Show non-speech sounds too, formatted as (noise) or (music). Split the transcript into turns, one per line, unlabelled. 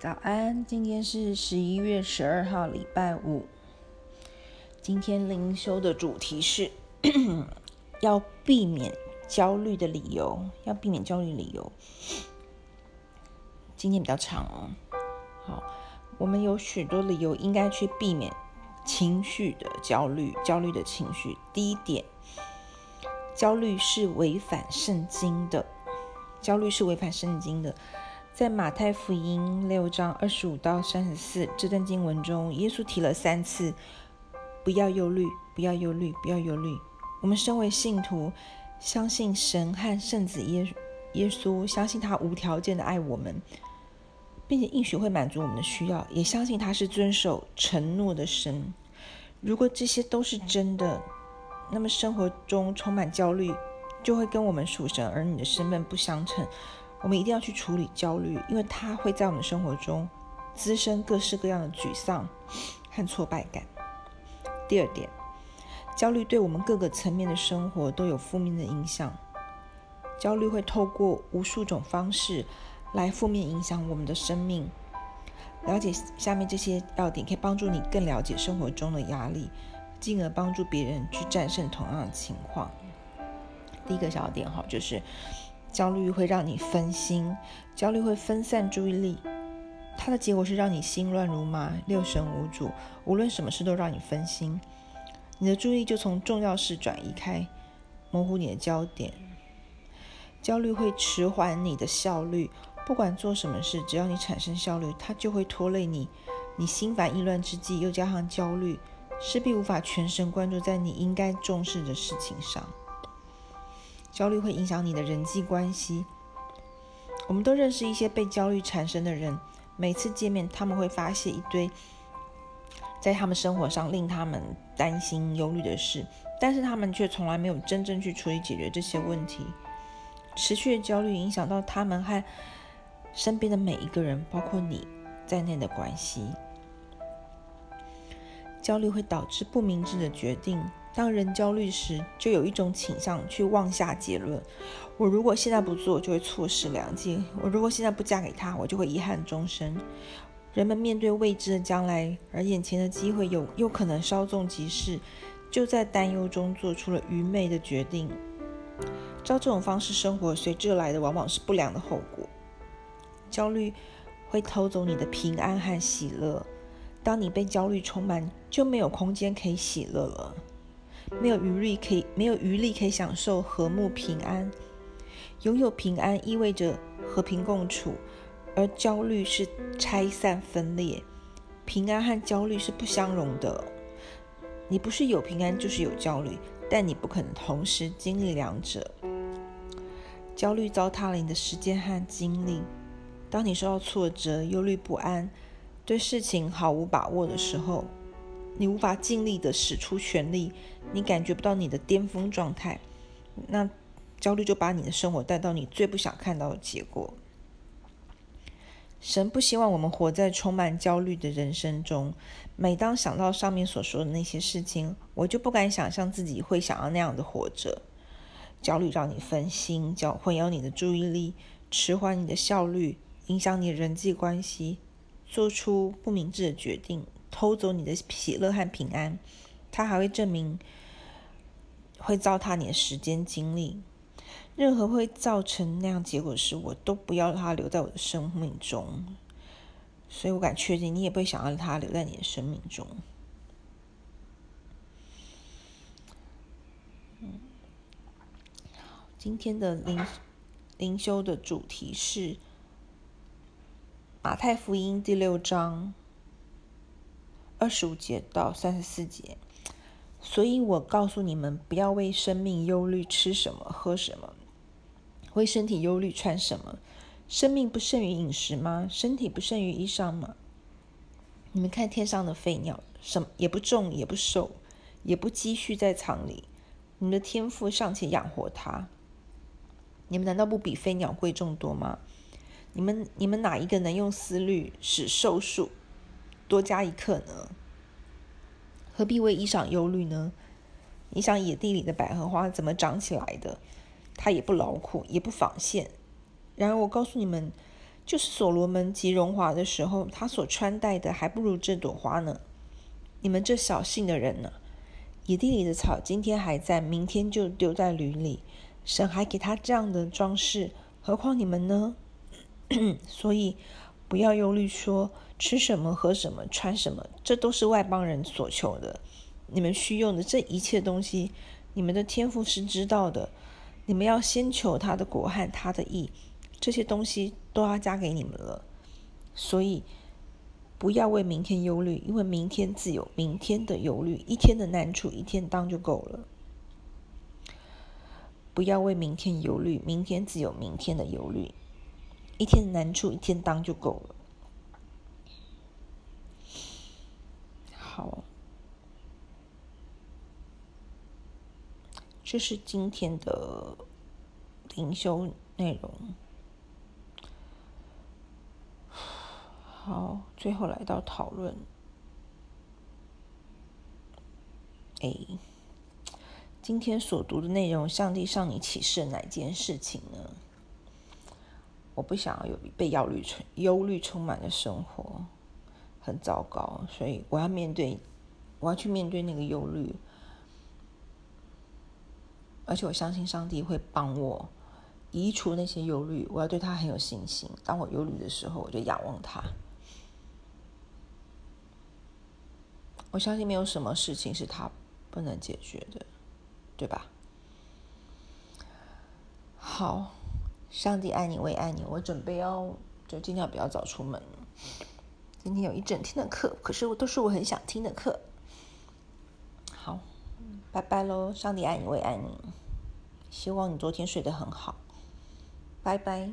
早安，今天是十一月十二號，禮拜五。今天靈修的主題是： (coughs) 要避免焦慮的理由。要避免焦慮理由。今天比較長哦。好，我們有許多理由應該去避免情緒的焦慮，焦慮的情緒。第一點，焦慮是違反聖經的。焦慮是違反聖經的。在馬太福音六章二十五到三十四這段經文中，耶穌提了三次“不要憂慮，不要憂慮，不要憂慮”。我們身為信徒，相信神和聖子耶耶穌，相信他無條件的愛我們，並且應許會滿足我們的需要，也相信他是遵守承諾的神。如果這些都是真的，那麼生活中充滿焦慮，就會跟我們屬神兒女的身份不相稱。我們一定要去處理焦慮，因為它會在我們生活中滋生，各式各樣的沮喪和挫敗感。第二點，焦慮對我們各個層面的生活都有負面的影響。焦慮會透過無數種方式來負面影響我們的生命。了解下面這些要點可以幫助你更了解生活中的壓力，進而幫助別人去戰勝同樣的情況。第一個小點哈，就是。焦慮會讓你分心，焦慮會分散注意力，它的結果是讓你心亂如麻、六神無主，無論什麼事都讓你分心，你的注意就從重要事轉移開，模糊你的焦點。焦慮會遲緩你的效率，不管做什麼事，只要你產生效率，它就會拖累你。你心煩意亂之際，又加上焦慮，勢必無法全神貫注在你應該重視的事情上。焦慮會影響你的人際關係。我們都認識一些被焦慮纏身的人，每次見面他們會發洩一堆在他們生活上令他們擔心、憂慮的事，但是他們卻從來沒有真正去處理解決這些問題。持續的焦慮影響到他們和身邊的每一個人，包括你在內的關係。焦慮會導致不明智的決定。當人焦慮時，就有一種傾向去妄下結論。我如果現在不做，就會錯失良機；我如果現在不嫁給他，我就會遺憾終身。人們面對未知的將來，而眼前的機會又有可能稍縱即逝，就在擔憂中做出了愚昧的決定。照這種方式生活，隨之而來的往往是不良的後果。焦慮會偷走你的平安和喜樂。當你被焦慮充滿，就沒有空間可以喜樂了。沒有餘力可以，沒有餘力可以享受和睦平安。擁有平安意味着和平共處，而焦慮是拆散分裂。平安和焦慮是不相容的。你不是有平安就是有焦慮，但你不可能同時經歷兩者。焦慮糟蹋了你的時間和精力。當你受到挫折、憂慮不安、對事情毫無把握的時候，你無法盡力的使出全力，你感覺不到你的巔峰狀態，那焦慮就把你的生活帶到你最不想看到的結果。神不希望我們活在充滿焦慮的人生中。每當想到上面所說的那些事情，我就不敢想象自己會想要那樣的活着。焦慮讓你分心，混淆你的注意力，遲緩你的效率，影響你的人際關係，做出不明智的決定。偷走你的喜樂和平安，它還會證明，會糟蹋你的時間精力。任何會造成那樣結果的事，我都不要它留在我的生命中。所以我敢確定，你也不會想要它留在你的生命中。嗯，今天的靈靈修的主題是《馬太福音》第六章，二十五節到三十四節，所以我告訴你們，不要為生命憂慮吃什麼，喝什麼；為身體憂慮穿什麼。生命不勝於飲食嗎？身體不勝於衣裳嗎？你們看天上的飛鳥，什麼也不種，也不收，也不積蓄在倉裡，你們的天父尚且養活它，你們難道不比飛鳥貴重多嗎？你們你們哪一個能用思慮使壽數？多加一刻呢？何必為衣裳憂慮呢？你想野地裡的百合花怎麼長起來的？它也不勞苦，也不紡線。然而我告訴你們，就是所羅門極榮華的時候，他所穿戴的還不如這朵花呢。你們這小信的人呢、啊？野地裡的草今天還在，明天就丟在驢裡。神還給他這樣的裝飾，何況你們呢？ (coughs) 所以。不要憂慮，說吃什麼、喝什麼、穿什麼，這都是外邦人所求的。你們需用的這一切東西，你們的天父是知道的。你們要先求他的國和他的義，這些東西都要加給你們了。所以，不要為明天憂慮，因為明天自有明天的憂慮。一天的難處，一天當就夠了。不要為明天憂慮，明天自有明天的憂慮。一天的難處，一天當就夠了。好，這是今天的靈修內容。好，最後來到討論。哎，今天所讀的內容，上帝向你啟示了哪件事情呢？我不想要有被憂慮充憂慮充滿的生活，很糟糕，所以我要面對，我要去面對那個憂慮。而且我相信上帝會幫我移除那些憂慮，我要對他很有信心。當我憂慮的時候，我就仰望他。我相信沒有什麼事情是他不能解決的，對吧？好。上帝愛你，我也愛你。我準備要，就盡量不要早出門。今天有一整天的課，可是我都是我很想聽的課。好，拜拜嘍！上帝愛你，我也愛你。希望你昨天睡得很好。拜拜。